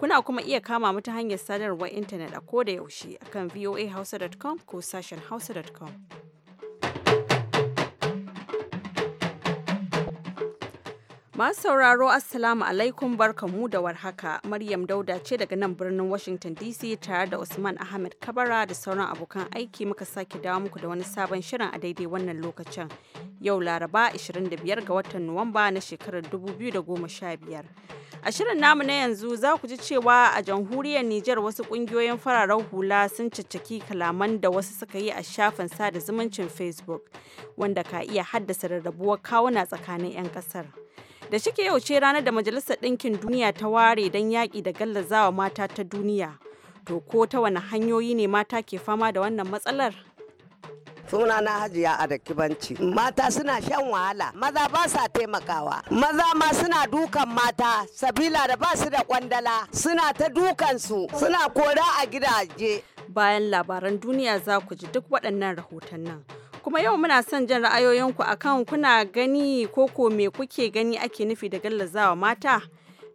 Kuna kuma iya kama mu ta hanyar sadarwar intanet a koda yaushe akan voahausa.com ko sashen hausa.com. Masu sauraro Assalamu alaikum mu da warhaka. Maryam Dauda ce daga nan birnin Washington DC tare da Usman Ahmed Kabara da sauran abokan aiki muka sake dawo muku da wani sabon shirin a daidai wannan lokacin. Yau Laraba 25 ga watan Nuwamba na shekarar 2015. A shirin namu na yanzu za ku ji cewa a jamhuriyar Nijar wasu kungiyoyin fararen hula sun caccaki kalaman da wasu suka yi a shafin sada zumuncin Facebook wanda ka iya haddasa rarrabuwar kawuna tsakanin 'yan kasar. da shike yau ce ranar da majalisar ɗinkin duniya ta ware don yaƙi da gallazawa mata ta duniya to ko ta wani hanyoyi ne mata ke fama da wannan matsalar suna na hajiya a da mata suna shan wahala maza ba sa taimakawa maza ma suna dukan mata sabila da ba su da kwandala suna ta dukan su suna kora a gidaje bayan labaran duniya za ku ji duk waɗannan rahoton nan Kuma yau muna son jin ra'ayoyinku akan kuna gani koko me kuke gani ake nufi da gallazawa mata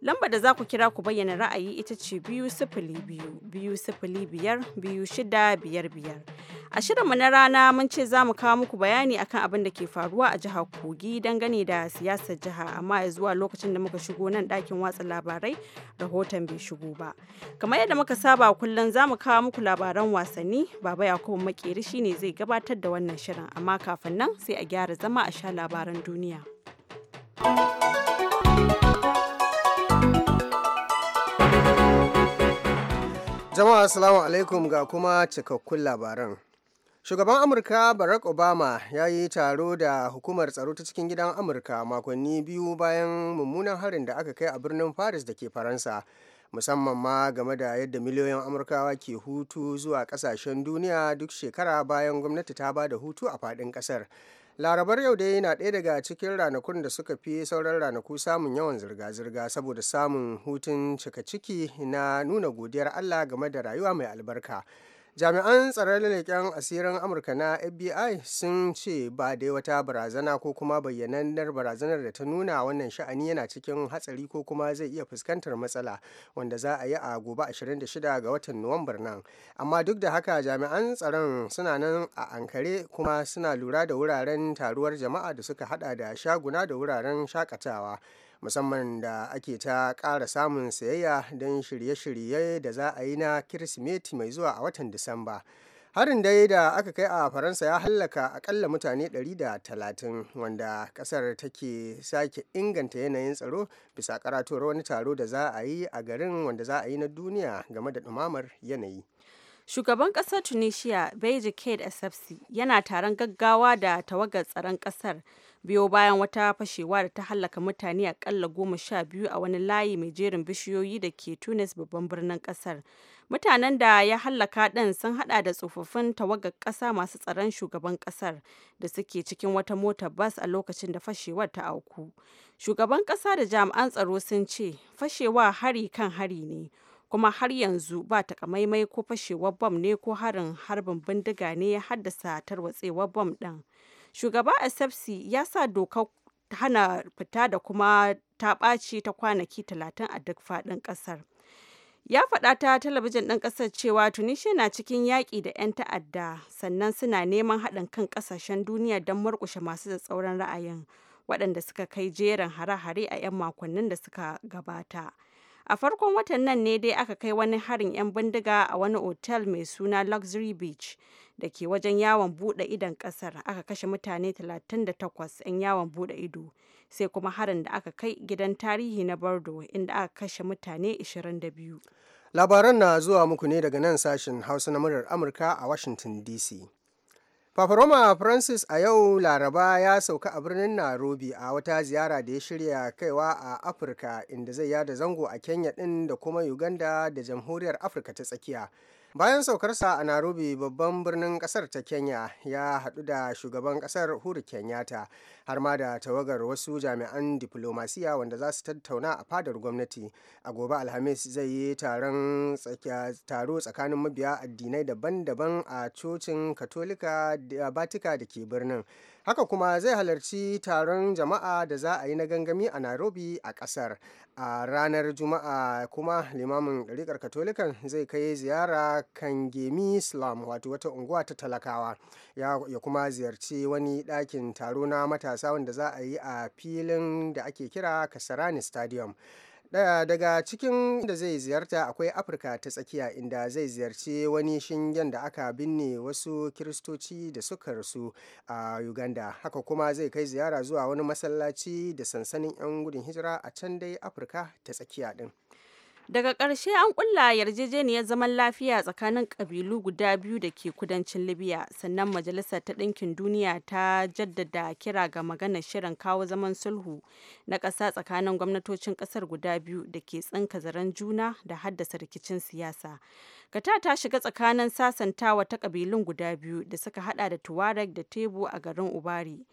Lambar da za ku kira ku bayyana ra'ayi ita ce biyu sifili biyu biyu sifili biyar biyu shida A shirinmu na rana mun ce za mu kawo muku bayani akan abin da ke faruwa a jihar Kogi dangane da siyasar jiha amma ya zuwa lokacin da muka shigo nan ɗakin watsa labarai rahoton bai shigo ba. Kamar yadda muka saba kullum za mu kawo muku labaran wasanni Baba Yakubu Makeri shine zai gabatar da wannan shirin amma kafin nan sai a gyara zama a sha labaran duniya. Jama'a Assalamu alaikum ga kuma cikakkun labaran. Shugaban Amurka Barack Obama ya yi taro da hukumar tsaro ta cikin gidan Amurka makonni biyu bayan mummunan harin da aka kai a birnin Paris da ke Faransa. musamman ma game da yadda miliyoyin amurkawa ke hutu zuwa kasashen duniya duk shekara bayan gwamnati ta ba da hutu a faɗin ƙasar larabar yau dai yana ɗaya daga cikin ranakun da suka fi sauran ranaku samun yawan zirga-zirga saboda samun hutun cika ciki na nuna godiyar allah game da rayuwa mai albarka jami'an tsaron leƙen asirin amurka na fbi sun ce ba dai wata barazana ko kuma bayyanannar barazanar da ta nuna wannan sha'ani yana cikin hatsari ko kuma zai iya fuskantar matsala wanda za a yi a gobe 26 ga watan nuwambar nan amma duk da haka jami'an tsaron suna nan a ankare kuma suna lura da wuraren taruwar jama'a da suka hada da shaguna da wuraren shakatawa musamman da ake ta ƙara samun sayayya don shirye-shirye da za a yi na kirsimeti mai zuwa a watan disamba harin dai da aka kai a faransa ya hallaka akalla mutane 130 wanda kasar take sake inganta yanayin tsaro bisa karatuwar wani taro da za a yi a garin wanda za a yi na duniya game da dumamar yanayi shugaban kasar tunisia beji kade yana taron gaggawa da tawagar tsaron kasar biyo bayan wata fashewa da ta hallaka mutane akalla goma sha biyu a wani layi mai jerin bishiyoyi da ke tunis babban birnin kasar mutanen da ya hallaka ɗin sun hada da tsofaffin tawagar ƙasa masu tsaron shugaban ƙasar da suke cikin wata mota bas a lokacin da fashewar ta auku shugaban ƙasa da jami'an tsaro sun ce fashewa hari kan hari ne kuma har yanzu ba takamaimai ko fashewar bam ne ko harin harbin bindiga ne ya haddasa tarwatsewar bam ɗin shugaba asepsi ya sa dokar hana fita da kuma ta ɓaci ta kwanaki talatin a duk faɗin ƙasar ya faɗa ta talabijin ɗin ƙasar cewa tunisia na cikin yaƙi da 'yan ta'adda sannan suna neman haɗin kan ƙasashen duniya don murƙushe masu tsaurin ra'ayin waɗanda suka kai jerin hare-hare a 'yan makonnin da suka gabata. a farkon watan nan ne dai aka kai wani harin 'yan bindiga a wani otel mai suna luxury beach da ke wajen yawon bude idon kasar aka kashe mutane 38 'yan yawon bude ido sai kuma harin da aka kai gidan tarihi na bardo inda aka kashe mutane 22 labaran na zuwa muku ne daga nan sashen hausa na muryar amurka a washington dc Fafaroma Francis a yau Laraba ya sauka a birnin Nairobi a wata ziyara da ya shirya kaiwa a Afirka inda zai yada zango a Kenya ɗin da kuma Uganda da Jamhuriyar Afirka ta Tsakiya. bayan saukarsa a narobi babban birnin kasar ta kenya ya hadu da shugaban kasar huru kenyatta har ma da tawagar wasu jami'an diplomasiya wanda za su tattauna a fadar gwamnati a gobe alhamis zai yi taro tsakanin mabiya addinai daban-daban a cocin katolika da batika da ke birnin haka kuma zai halarci taron jama'a da za a yi na gangami a nairobi a kasar a ranar juma'a kuma limamin ɗariƙar katolikan zai kai ziyara kangemi islam wato wata unguwa ta talakawa ya, ya kuma ziyarci wani ɗakin taro na matasa wanda za a yi a filin da ake kira kasarani stadium Daya daga cikin da zai ziyarta akwai Afirka ta tsakiya inda zai ziyarci wani shingen da aka binne wasu kiristoci da suka rasu a Uganda. Haka kuma zai kai ziyara zuwa wani masallaci da sansanin 'yan gudun hijira a can dai Afirka ta tsakiya din. Daga ƙarshe an ƙulla yarjejeniyar zaman lafiya tsakanin ƙabilu guda biyu da ke kudancin Libya, sannan Majalisar ta Ɗinkin Duniya ta jaddada kira ga magana shirin kawo zaman sulhu na ƙasa tsakanin gwamnatocin ƙasar guda biyu da ke tsinka zaren juna da haddasa rikicin siyasa. Kata ta shiga tsakanin sasantawa ta ƙabilun guda biyu da suka hada da Tuareg da Tebu a garin Ubari.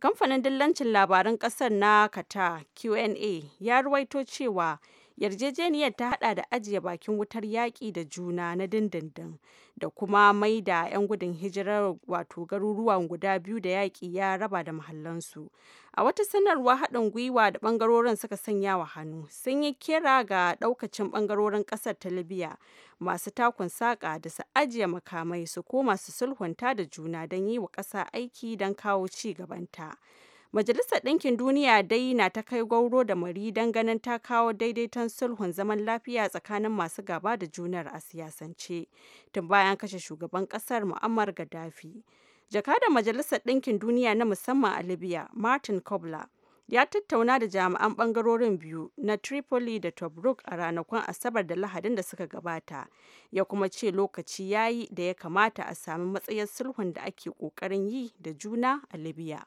Kamfanin dillancin labaran ƙasar na Kata QNA ya ruwaito cewa yarjejeniyar ta hada da ajiye bakin wutar yaƙi da juna na dindindin da kuma mai da 'yan gudun hijirar wato garuruwan guda biyu da yaƙi ya raba da mahallansu a wata sanarwa haɗin gwiwa da ɓangarorin suka sanya wa hannu sun yi kira ga ɗaukacin ɓangarorin ƙasar ta libya masu takun saƙa da su ajiye makamai su koma su sulhunta da juna don yi wa ƙasa aiki don kawo ci gabanta. Majalisar Ɗinkin Duniya dai na ta kai gwauro da mari don ganin ta kawo daidaiton sulhun zaman lafiya tsakanin masu gaba da junar a siyasance tun bayan kashe shugaban ƙasar Muammar Gaddafi. Jakadan Majalisar Ɗinkin Duniya na musamman a Libya, Martin kobla ya tattauna da jami'an bangarorin biyu na Tripoli da Tobruk a ranakun Asabar da Lahadin da suka gabata, ya kuma ce lokaci ya yi da ya kamata a sami matsayar sulhun da ake ƙoƙarin yi da juna a Libya.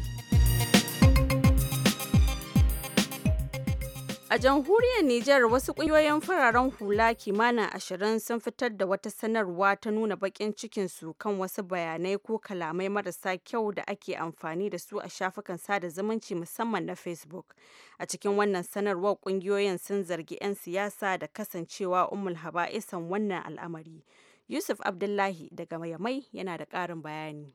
A jamhuriyar Nijar wasu ƙungiyoyin fararen hula kimanin ashirin sun fitar da wata sanarwa ta nuna baƙin cikinsu kan wasu bayanai ko kalamai marasa kyau da ake amfani da su a shafukan sada zumunci musamman na Facebook. A cikin wannan sanarwar ƙungiyoyin sun zargi 'yan siyasa da kasancewa umul haba'isan wannan al'amari. Yusuf Abdullahi daga Mayamai yana da ƙarin bayani.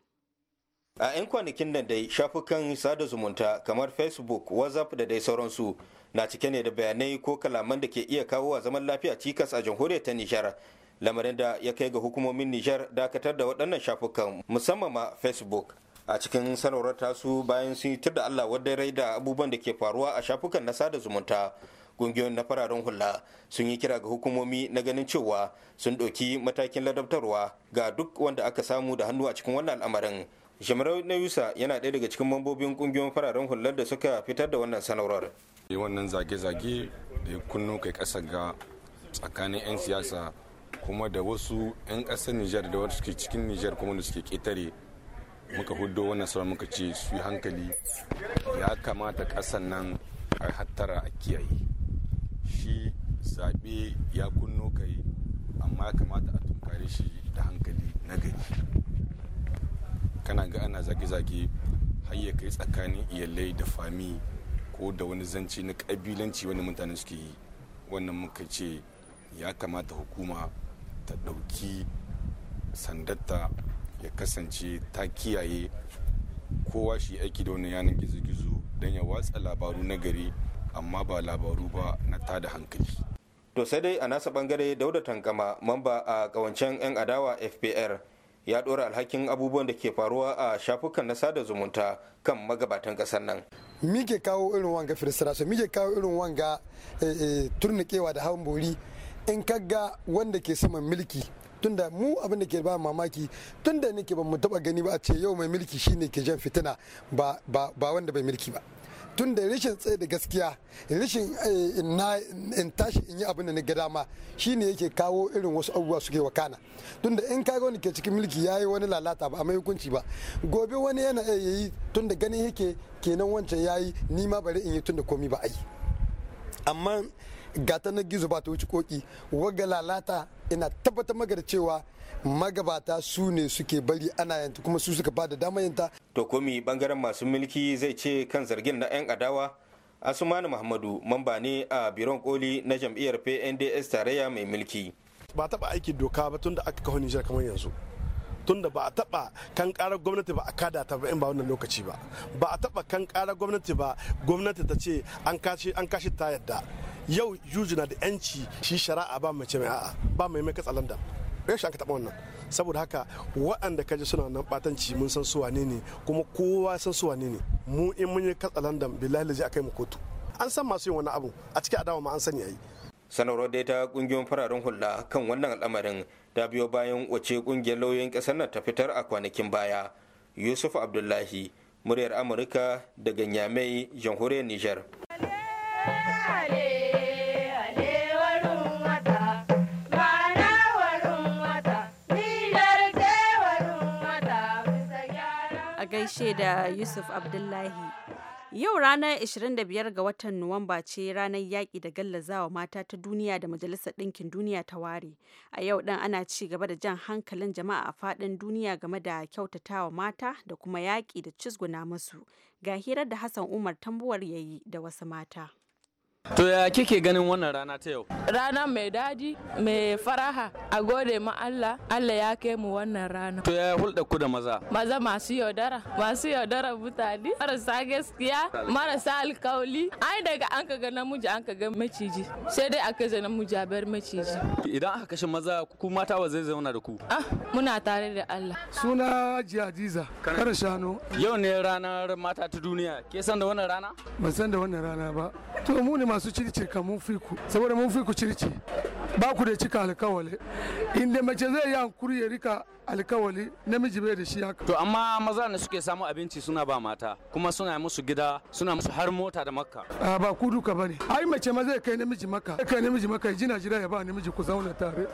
a 'yan kwanakin nan dai shafukan sada zumunta kamar facebook whatsapp da dai sauransu na cike ne da bayanai ko kalaman da ke iya kawo wa zaman lafiya cikas a jamhuriyar ta nijar lamarin da ya kai ga hukumomin nijar dakatar da waɗannan shafukan musamman ma facebook a cikin sanarwar tasu bayan sun yi da allah wadda rai da abubuwan da ke faruwa a shafukan na sada zumunta ƙungiyoyin na fararen hula sun yi kira ga hukumomi na ganin cewa sun ɗauki matakin ladabtarwa ga duk wanda aka samu da hannu a cikin wannan al'amarin shamarau na yusa yana ɗaya daga cikin mambobin ƙungiyoyin fararen hular da suka fitar da wannan sanarwar wannan zage-zage da ya kunno kai ƙasa ga tsakanin 'yan siyasa kuma da wasu 'yan ƙasar nijar da wasu suke cikin nijar kuma da suke ƙetare muka hudo wannan sauran muka ce su yi hankali ya kamata ƙasar nan a hattara a kiyaye shi zaɓe ya kunno kai amma ya kamata a tunkare shi da hankali na gari kana ga ana zage-zage har ya kai tsakanin iyalai da fami ko da wani zance na kabilanci wani mutane suke yi wannan muka ce ya kamata hukuma ta ɗauki sandatta ya kasance ta kiyaye kowa shi aiki da wani yanar gizo-gizo don ya watsa labaru na gari amma ba labaru ba na tada hankali to sai dai a nasa bangare dauda tankama mamba a kawancen 'yan adawa fpr ya dora alhakin abubuwan da ke faruwa a shafukan na sada zumunta kan magabatan ƙasar nan mike kawo irin wanga firistiraso mike kawo irin wanga eh, eh, turnikewa da hawan bori in kaga wanda ke saman milki tunda mu abin da ke ba mamaki tunda nake ba mu taba gani ba a ce yau mai milki shine ke jan fitina ba wanda bai milki ba tun da rashin tsaye da gaskiya rashin eh, in tashi in yi abin da na ga shi ne yake kawo irin wasu abubuwa suke wakana tun da in kaga wani ke cikin mulki ya yi wani lalata ba a mai hukunci ba gobe wani yana iya yi tun da ganin yake kenan wancan ya yi ni ma bari in yi tun da komi ba a yi amma gata na gizo ba ta wuce koki waga lalata ina tabbatar maka da cewa magabata su ne suke bari ana yanta kuma su suka bada damar yanta to komi bangaren masu mulki zai ce kan zargin na 'yan adawa asumani muhammadu mamba ne a biron koli na jam'iyyar pnds tarayya mai mulki ba taba aiki doka ba tun da aka kawo nijar kamar yanzu tunda ba a taba kan karar gwamnati ba a kada ta ba in ba wannan lokaci ba ba a taba kan karar gwamnati ba gwamnati ta ce an kashi an kashi ta yadda yau juju na da yanci shi shari'a ba mai ce mai a'a ba mai mai katsalandan rashin ka taɓa wannan saboda haka waɗanda kaji suna nan batanci mun san su wane ne kuma kowa san su wane ne mu in mun yi katsalandan bilali zai akai mu kotu an san masu yin wani abu a cikin adawa ma an sani yayi sanarwar da ta kungiyoyin fararen hula kan wannan al'amarin ta biyo bayan wace kungiyar lauyoyin kasar nan ta fitar a kwanakin baya yusuf abdullahi muryar amurka daga nyamai jamhuriyar niger gaishe da Yusuf Abdullahi. Yau ranar 25 ga watan Nuwamba ce ranar yaƙi da gallazawa mata ta duniya da Majalisar Ɗinkin Duniya ta ware. A yau ɗin ana ci gaba da jan hankalin jama'a a faɗin duniya game da kyautatawa mata da kuma yaƙi da cizguna musu. Ga hirar da Hassan Umar tambuwar yayi da wasu mata. To ya kike ganin wannan rana ta yau? Rana mai daɗi, mai faraha, a gode ma Allah, Allah ya kai mu wannan rana. To ya hulɗa ku da maza? Maza masu yaudara, masu yaudara mutane, marasa gaskiya, marasa alkawali. Ai daga an ka ga namiji an ka ga maciji, sai dai aka zana namiji a bar maciji. Idan aka kashe maza ku mata wa zai zauna da ku? Ah, muna tare da Allah. Suna Jihadiza, kar shano. Yau ne ranar mata ta duniya, ke san da wannan rana? Ban san da wannan rana ba. To mu ne masu circi ka mun fi ku saboda mun fi ku circi ba ku da cika alkawali inda mace zai yi hankuri ya rika alkawali namiji bai da shi haka to amma maza ne suke samu abinci suna ba mata kuma suna musu gida suna musu har mota da makka a ba ku duka bane ai mace ma zai kai namiji makka kai namiji makka jina jira ya ba namiji ku zauna tare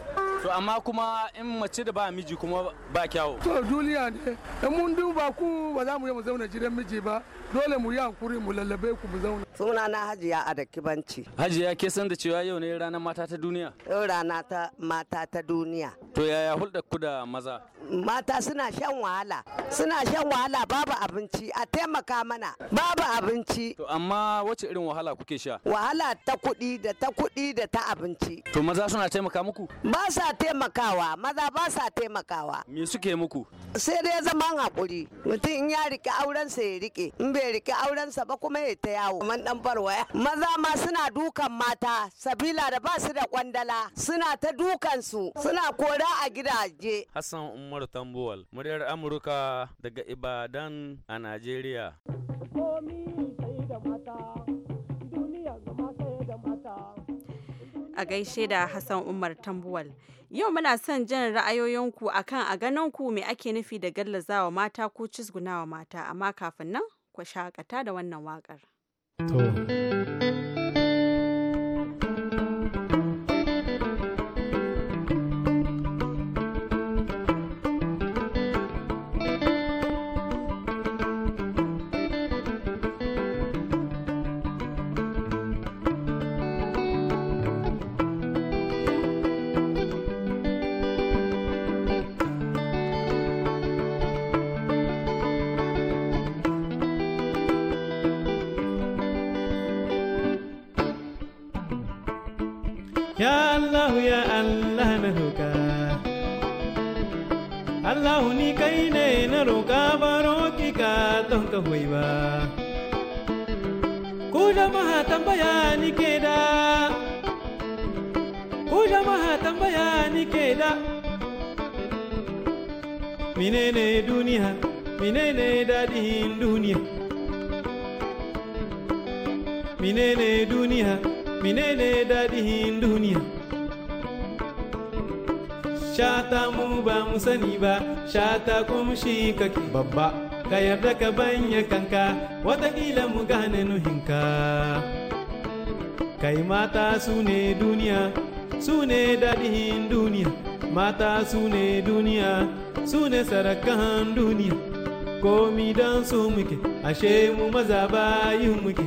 To amma kuma in mace da ba miji kuma ba kyawu. To duniya ne, in mun duba ku ba za mu yi mu zauna jiran miji ba, dole mu yi hankuri mu lallabe ku mu zauna. Suna na Hajiya a da Kibanci. Hajiya ke san da cewa yau ne ranar mata ta duniya? Yau rana ta mata ta duniya. To yaya hulɗar ku da maza? Mata suna shan wahala. Suna shan wahala babu abinci a taimaka mana babu abinci. To amma wace irin wahala kuke sha? Wahala ta kuɗi da ta kuɗi da ta abinci. To maza suna taimaka muku? Ba sa taimakawa maza ba sa taimakawa. Me suke muku? Sai dai zaman haƙuri mutum in ya riƙe sai ya riƙe in bai bai riki aurensa ba kuma ya ta yawo man dan barwaya maza ma suna dukan mata sabila da ba su da kwandala suna ta dukan su suna kora a gidaje Hassan Umar Tambuwal muryar Amurka daga Ibadan a Najeriya a gaishe da Hassan Umar Tambuwal. Yau muna son jin ra'ayoyinku akan a ganin ku me ake nufi da gallazawa mata ko cizgunawa mata, amma kafin nan ku shakata da wannan waƙar. Ya alahu ya Allah na roƙa Allah ni kai ne na roƙa baro ki ka don ka hoyi ba Ku jama'a ni ke da Ku jama'a ni ke da duniya duniya duniya menene daɗin duniya shata mu ba mu sani ba shata kuma shi kake babba ka yarda ka banya kanka watakila mu gane nuhinka kai mata su ne duniya su ne duniya mata su ne duniya su ne sarakan duniya komi don su muke ashe mu maza bayin muke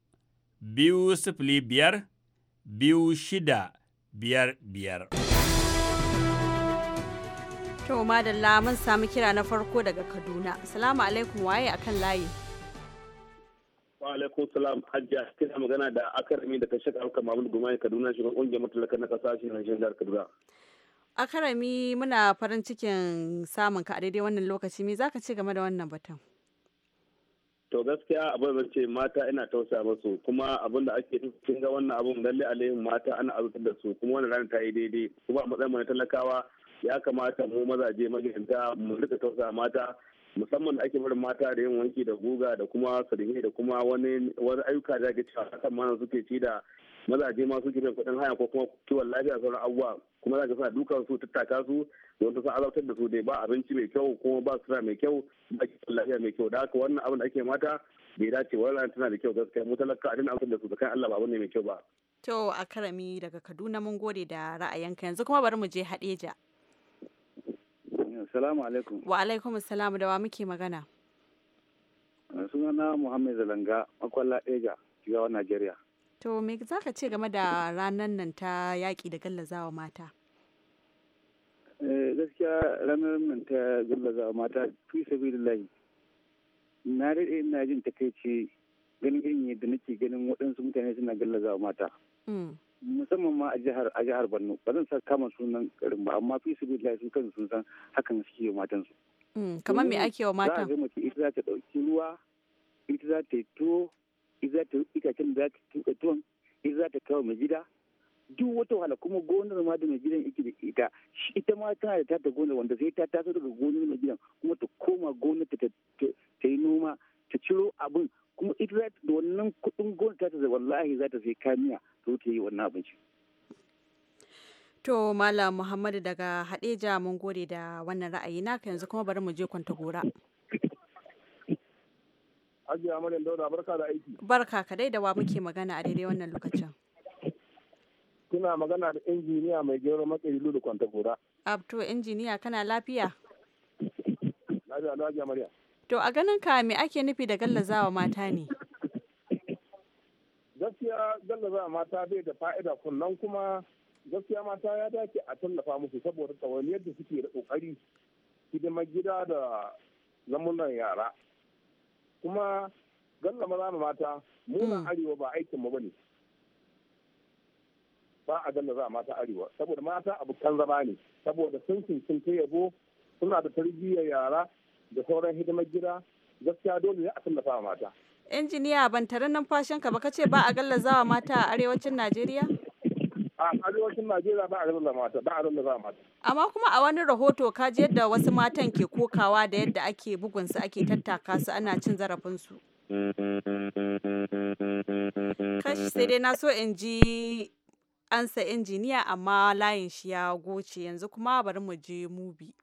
biyu sifili biyar biyu shida biyar biyar. To madalla mun samu kira na farko daga Kaduna. Salamu alaikum waye a kan layi. Wa alaikum salam a cikin magana da akarami da kashe karka mamun gumani Kaduna kan kungiyar matalaka na ƙasa shi nan jihar Kaduna. Akarami muna farin cikin samun ka a daidai wannan lokaci me zaka ce game da wannan batun? to gaskiya abin zan ce mata ina tausa masu kuma abin da ake kin ga wannan abun lalle alaihin mata ana azurtar da su kuma wannan rana ta yi daidai kuma a matsayin na talakawa ya kamata mu mazaje magidanta mu rika tausa mata musamman da ake barin mata da yin wanki da guga da kuma sadihi da kuma wani ayyuka da ake cewa kan mana suke ci da mazaje masu suke biyan kuɗin haya ko kuma kiwon lafiya sauran abubuwa kuma za ka sa dukan su tattaka su don ta sa azabtar da su dai ba abinci mai kyau kuma ba sura mai kyau ba lafiya mai kyau da haka wannan abin da ake mata bai dace wannan tana da kyau gaskiya mu talaka a dina da su tsakanin Allah ba abin ne mai kyau ba to a karami daga Kaduna mun gode da ra'ayinka yanzu kuma bari mu je Hadeja Assalamu alaikum wa alaikum assalam da wa muke magana sunana Muhammad Zalanga makwalla Deja Jigawa Najeriya To me za ka ce game da ranar nan ta yaƙi da gallazawa mata? Eh, gaskiya ranar nan ta gallazawa mata fi sabi layi. Na daɗe ina jin takaici ganin irin yadda nake ganin waɗansu mutane suna gallazawa mata. Mm. Musamman ma a jihar Borno ba zan sa kama sunan garin ba amma fi sabi layi su kan sun san hakan suke yi matansu. Mm, kamar me ake wa mata? Za a ga mace ita za ta ɗauki ruwa ita za ta yi tuwo za ta itacen da za ta tuka tuwon in za ta kawo mai gida duk wata wahala kuma gonar ma da mai gidan ita ita ita ma tana da tata gonar wanda sai ta tasa daga gonar mai gidan kuma ta koma gonar ta ta yi noma ta ciro abin kuma ita za da wannan kuɗin gonar ta ta wallahi za ta sai kamiya to ta yi wannan abinci. To Malam Muhammadu daga Hadeja mun gode da wannan ra'ayi naka yanzu kuma bari mu je kwanta gora. Hajiya Maryam Dauda barka da aiki. Barka ka dai da wa muke magana a daidai wannan lokacin. Kuna magana da injiniya mai gero matsayi lulu kwantagora. Abto ah, injiniya kana lafiya? Lafiya lafiya Maryam. To a ganin ka me ake nufi da gallazawa mata ne? Gaskiya gallazawa mata bai da fa'ida kunnan kuma gaskiya mata ya dace a tallafa musu saboda tsawon yadda suke da kokari hidimar gida da zamunan yara. kuma galla maza da mata muna hmm. arewa ba aikinmu ba ne ba a galla za a mata arewa saboda mata abokan zama ne saboda sun sun ta yabo suna da tarbiyyar yara da sauran hidimar gida gaskiya dole ne a tallafa mata. injiniya ban tare numfashinka ba ka ce ba a gallazawa mata a arewacin najeriya? a arewacin Najeriya ba a rarraba mata ba a rarraba mata amma kuma a wani rahoto ka ji yadda wasu matan ke kokawa da yadda ake bugun su ake tattaka su ana cin zarafin su kashi sai dai na so in ji ansa injiniya amma layin shi ya goce yanzu kuma bari mu je mubi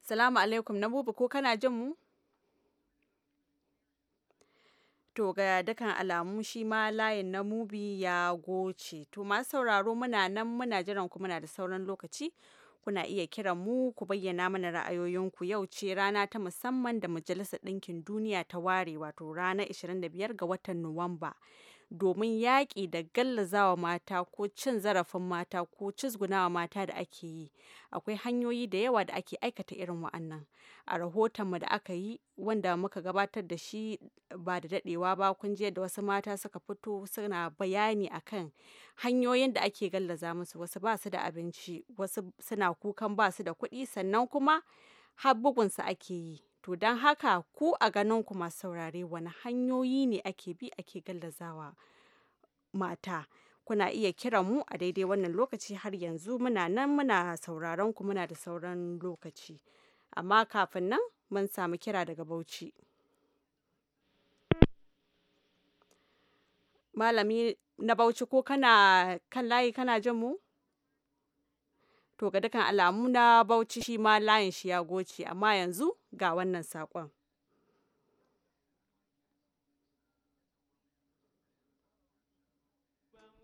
salamu alaikum na mubi ko kana jin mu To ga dukan alamu shi ma layin na mubi ya goce. To masu sauraro muna nan muna jiran ku muna da sauran lokaci. Kuna iya kiran mu ku bayyana mana ra'ayoyinku yau ce rana ta musamman da Majalisar Ɗinkin Duniya ta ware wato ranar 25 ga watan Nuwamba. domin yaƙi da gallazawa mata ko cin zarafin mata ko cizgunawa mata da ake yi akwai hanyoyi da yawa da ake aikata irin wa'annan a rahotonmu da aka yi wanda muka gabatar da shi ba da daɗewa ba kun je da wasu mata suka fito suna bayani akan hanyoyin da ake gallaza musu wasu ba su da abinci wasu suna kukan ba su da kuɗi sannan kuma har bugunsa ake yi To don haka ku a ganin kuma masu saurare wani hanyoyi ne ake bi ake gallazawa mata. Kuna iya kiran mu a daidai wannan lokaci har yanzu muna nan muna sauraron ku muna da sauran lokaci. Amma kafin nan mun samu kira daga Bauchi. Malami na Bauchi ko kana kan layi kana jin mu? To ga dukan alamu na Bauchi shi ma layin shi ya goce amma yanzu ga wannan saƙon.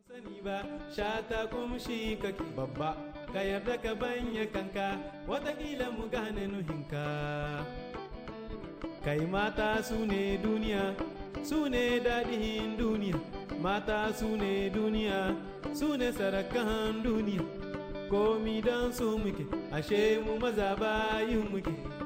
sani ba shata kuma shi kake babba ka yarda ka banya kanka watakila mu gane nuhinka kai mata su ne duniya su ne dadihin duniya mata su ne duniya su ne sarakan duniya komi don su muke ashe mu maza bayin muke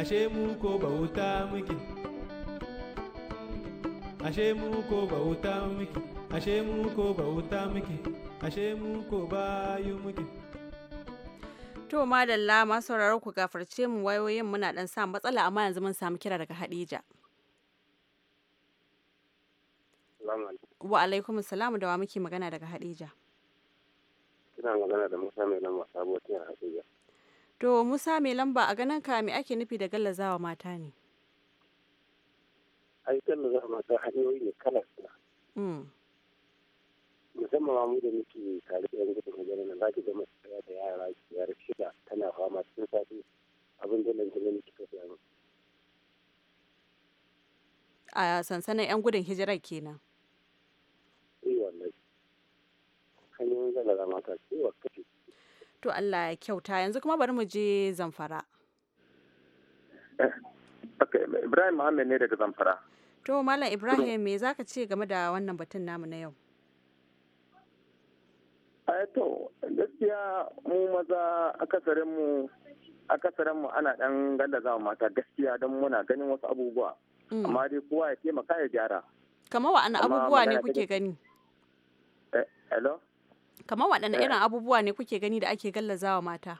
ashe mu ko bauta muke ashe mu ko bauta muke ashe mu ko bauta muke ashe mu ko bayu muke to madalla masu sauraro ku gafarce mu wayoyin muna dan sa matsala amma yanzu mun samu kira daga Hadija wa alaikum salamu da wa muke magana daga Hadija kina magana da Musa mai lamba sabuwar Hadija To Musa mai lamba a ganin ka me ake nufi da gallazawa mata ne? Ai gallazawa mata hanyoyi ne kala suna. Mm. Musamman ma mu da muke tare da yanzu da magana na zaki da masaya da yara biyar shida tana fama cikin sati abin da nan jini ne ta samu. A sansanin 'yan gudun hijirar kenan. Iya eh, wallahi. Hanyoyin gallazawa mata ciwon eh, kai. to Allah ya kyauta yanzu kuma bari mu je zamfara eh, Ibrahim Muhammad ne daga zamfara to Malam Ibrahim me zaka ce game da wannan batun namu na yau eh, to gaskiya mu maza akasarin mu mu ana dan gallaza mata gaskiya don muna ganin wasu abubuwa mm. amma dai kowa ya taimaka ya gyara kamar wa'annan abubuwa ne kuke gani eh, hello kamar waɗanne eh. irin abubuwa ne kuke gani da ake gallazawa mata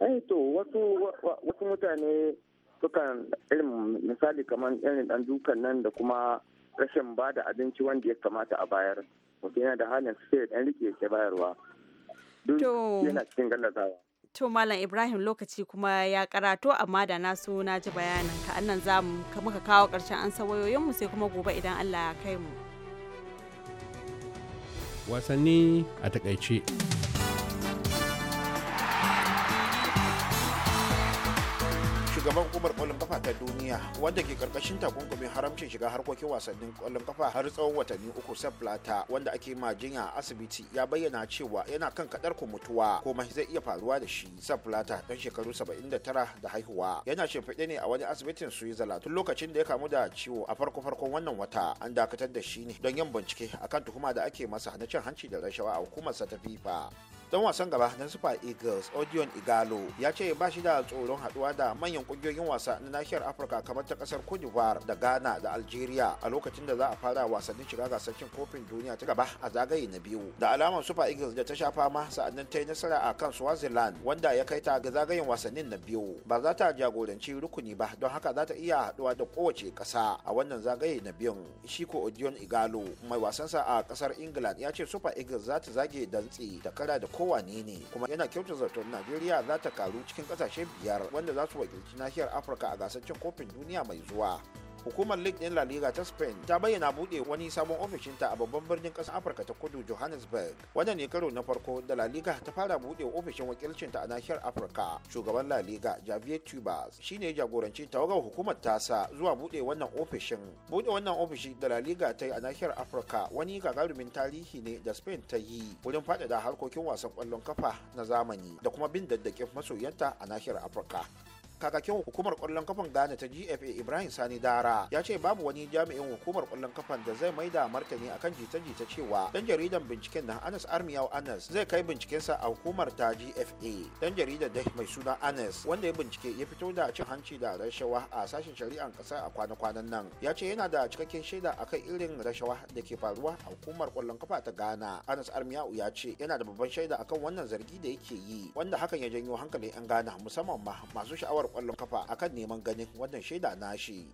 eh to wasu wasu mutane sukan irin misali kamar irin ɗan dukan nan da kuma rashin ba da abinci wanda ya kamata a bayar mutum yana da halin su sai ɗan rike ke bayarwa To yana cikin gallazawa to malam ibrahim lokaci kuma ya karato amma da na so na ji bayanin ka annan za mu muka kawo ƙarshen an mu sai kuma gobe idan allah ya kai mu wasanni a takaice. shugaban hukumar kwallon kafa ta duniya wanda ke karkashin takunkumin haramcin shiga harkokin wasannin kwallon kafa har tsawon watanni uku sa plata wanda ake ma jinya a asibiti ya bayyana cewa yana kan kadar ku mutuwa komai zai iya faruwa da shi sa plata dan shekaru 79 da haihuwa yana shimfiɗe ne a wani asibitin switzerland tun lokacin da ya kamu da ciwo a farko farkon wannan wata an dakatar da shi ne don yin bincike akan tuhuma da ake masa na cin hanci da rashawa a hukumar sa ta fifa dan wasan gaba na super eagles odion igalo ya ce ba shi da tsoron haduwa da manyan kungiyoyin wasa na nahiyar afirka kamar ta kasar cote da ghana da algeria a lokacin da za a fara wasannin shiga gasar cin kofin duniya ta gaba a zagaye na biyu da alamar super eagles da ta sha fama sa'annan ta yi nasara a kan swaziland wanda ya kai ta ga zagayen wasannin na biyu ba za ta jagoranci rukuni ba don haka za ta iya haduwa da kowace kasa a wannan zagaye na biyun shi ko odion igalo mai wasansa a kasar england ya ce super eagles za ta zage dantse da kara da kowane ne kuma yana kyautar zaton najeriya za ta karu cikin kasashe biyar wanda za su wakilci nahiyar afirka a gasar cin kofin duniya mai zuwa hukumar league din la liga ta spain ta bayyana bude wani sabon ofishin ta a babban birnin kasar afirka ta kudu johannesburg wannan ne karo na farko da la liga ta fara bude ofishin wakilcin ta a nahiyar afirka shugaban la liga javier tubas shine jagoranci tawagar hukumar tasa zuwa bude wannan ofishin buɗe wannan ofishi da la liga ta yi a nahiyar afirka wani gagarumin tarihi ne da spain ta yi wurin faɗaɗa harkokin wasan kwallon kafa na zamani da kuma bin daddakin masoyanta a nahiyar afirka kakakin hukumar kwallon kafan Ghana ta GFA Ibrahim Sani Dara ya ce babu wani jami'in hukumar kwallon kafan da zai maida martani akan jita-jita cewa dan jaridan binciken na Anas Armiyau Anas zai kai bincikensa a hukumar ta GFA. Dan jaridar da mai suna Anas wanda ya bincike ya fito da cin hanci da rashawa a sashen shari'an kasa a kwana-kwanan nan ya ce yana da cikakken shaida akan irin rashawa da ke faruwa a hukumar kwallon kafa ta Ghana. Anas Armiyau ya ce yana da babban shaida akan wannan zargi da yake yi wanda hakan ya janyo hankalin 'yan Ghana musamman ma masu sha'awar kwallon kafa akan neman ganin wannan shaida na shi.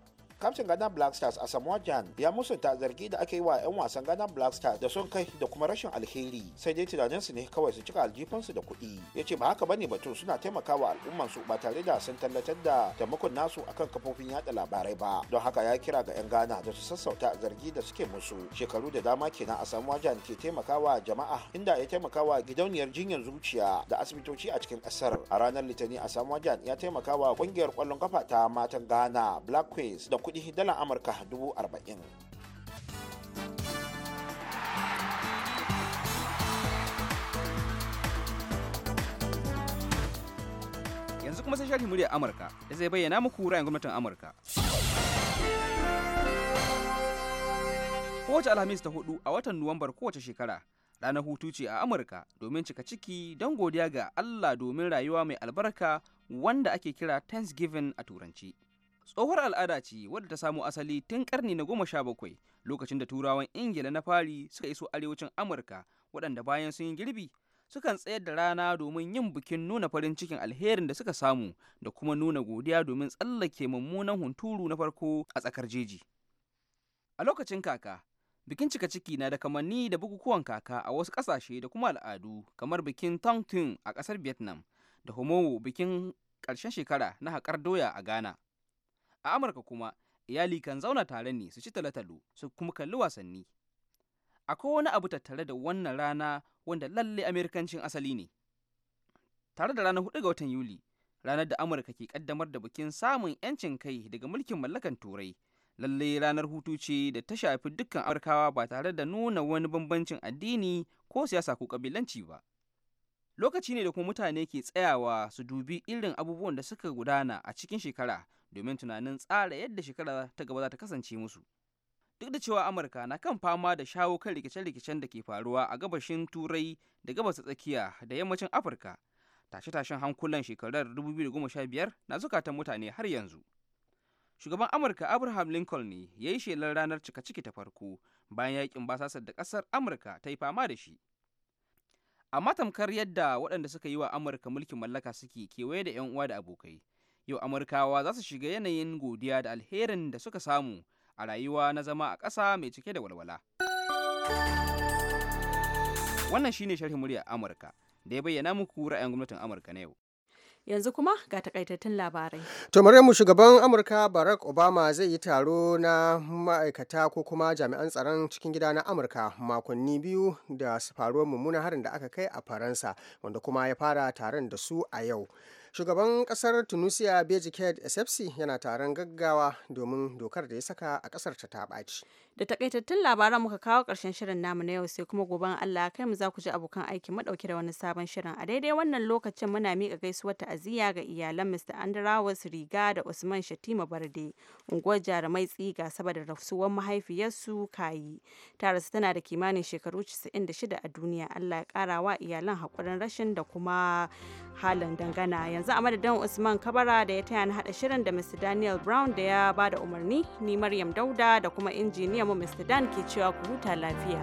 kaftin gana Black Stars a Samoa Jan ya musunta zargi da ake yi wa 'yan wasan gana Black Stars da sun kai da kuma rashin alheri sai dai tunaninsu ne kawai su cika aljifansu da kuɗi. Ya ce ba haka bane batun suna taimakawa al'ummansu ba tare da sun tallatar da taimakon nasu akan kafofin yada labarai ba. Don haka ya kira ga 'yan Ghana da su sassauta zargi da suke musu. Shekaru da dama kenan a Samoa Jan ke taimakawa jama'a inda ya taimakawa gidauniyar jinyar zuciya da asibitoci a cikin kasar A ranar Litinin a Samoa Jan ya taimakawa ƙungiyar kwallon kafa ta matan Ghana Black Queens da kuɗi kudi dala amurka dubu arba'in yanzu kuma sai sharhi muryar amurka da zai bayyana muku ra'ayin gwamnatin amurka kowace alhamis ta hudu a watan nuwambar kowace shekara ranar hutu ce a amurka domin cika ciki don godiya ga allah domin rayuwa mai albarka wanda ake kira thanksgiving a turanci tsohuwar al'ada ce wadda ta samo asali tun karni na goma sha bakwai lokacin da turawan ingila na fari suka iso arewacin amurka waɗanda bayan sun yi girbi sukan tsayar da rana domin yin bikin nuna farin cikin alherin da suka samu da kuma nuna godiya domin tsallake mummunan hunturu na farko a tsakar jeji a lokacin kaka bikin cika ciki na da kamanni da bukukuwan kaka a wasu ƙasashe da kuma al'adu kamar bikin tongtun a ƙasar vietnam da homo bikin ƙarshen shekara na haƙar doya a ghana a amurka kuma iyali kan zauna tare ne su ci talotalo su kuma kalli wasanni akwai wani abu tattare da wannan rana wanda lalle amerikancin asali ne tare da ranar hudu ga watan yuli ranar da amurka ke kaddamar da bikin samun 'yancin kai daga mulkin mallakan turai lalle ranar hutu ce da ta shafi dukkan amurkawa ba tare da nuna wani bambancin addini ko siyasa ko kabilanci ba lokaci ne da kuma mutane ke tsayawa su dubi irin abubuwan da suka gudana a cikin shekara domin tunanin tsara yadda shekara ta gaba za ta kasance musu. Duk da cewa Amurka na kan fama da shawo kan rikice-rikicen da ke faruwa a gabashin Turai da gabas tsakiya da yammacin Afirka, tashe-tashen hankulan shekarar 2015 na zukatan mutane har yanzu. Shugaban Amurka Abraham Lincoln ne ya yi shelar ranar cika ciki ta farko bayan yakin basasar da ƙasar Amurka ta yi fama da shi. Amma tamkar yadda waɗanda suka yi wa Amurka mulkin mallaka suke kewaye da 'yan uwa da abokai, yau amurkawa za su shiga yanayin godiya da alherin da suka samu a rayuwa na zama a ƙasa mai cike da walwala wannan shine sharhin murya amurka da ya bayyana muku ra'ayin gwamnatin amurka na yau yanzu kuma ga takaitattun labarai. To Maryamu shugaban Amurka Barack Obama zai yi taro na ma'aikata ko kuma jami'an tsaron cikin gida na Amurka makonni biyu da su faruwar mummunan harin da aka kai a Faransa wanda kuma ya fara taron da su a yau. shugaban kasar tunisia beji ked yana taron gaggawa domin dokar da ya saka a kasar ta ɓaci da takaitattun labaran muka kawo karshen shirin namu na yau sai kuma goben Allah kai mu za ku ji abokan aiki madauke da wani sabon shirin a daidai wannan lokacin muna miƙa gaisuwar ta'aziyya ga iyalan Mr. Andrawus Riga da Usman Shatima Barde unguwar Jarumai Tsiga saboda rasuwar mahaifiyarsu Kayi su tana da kimanin shekaru 96 a duniya Allah ya kara wa iyalan hakurin rashin da kuma halin dangana yanzu a madadin Usman Kabara da ya taya ni hada shirin da Mr. Daniel Brown da ya bada umarni ni Maryam Dauda da kuma injiniya mu Mr. Dan ke cewa ku huta lafiya.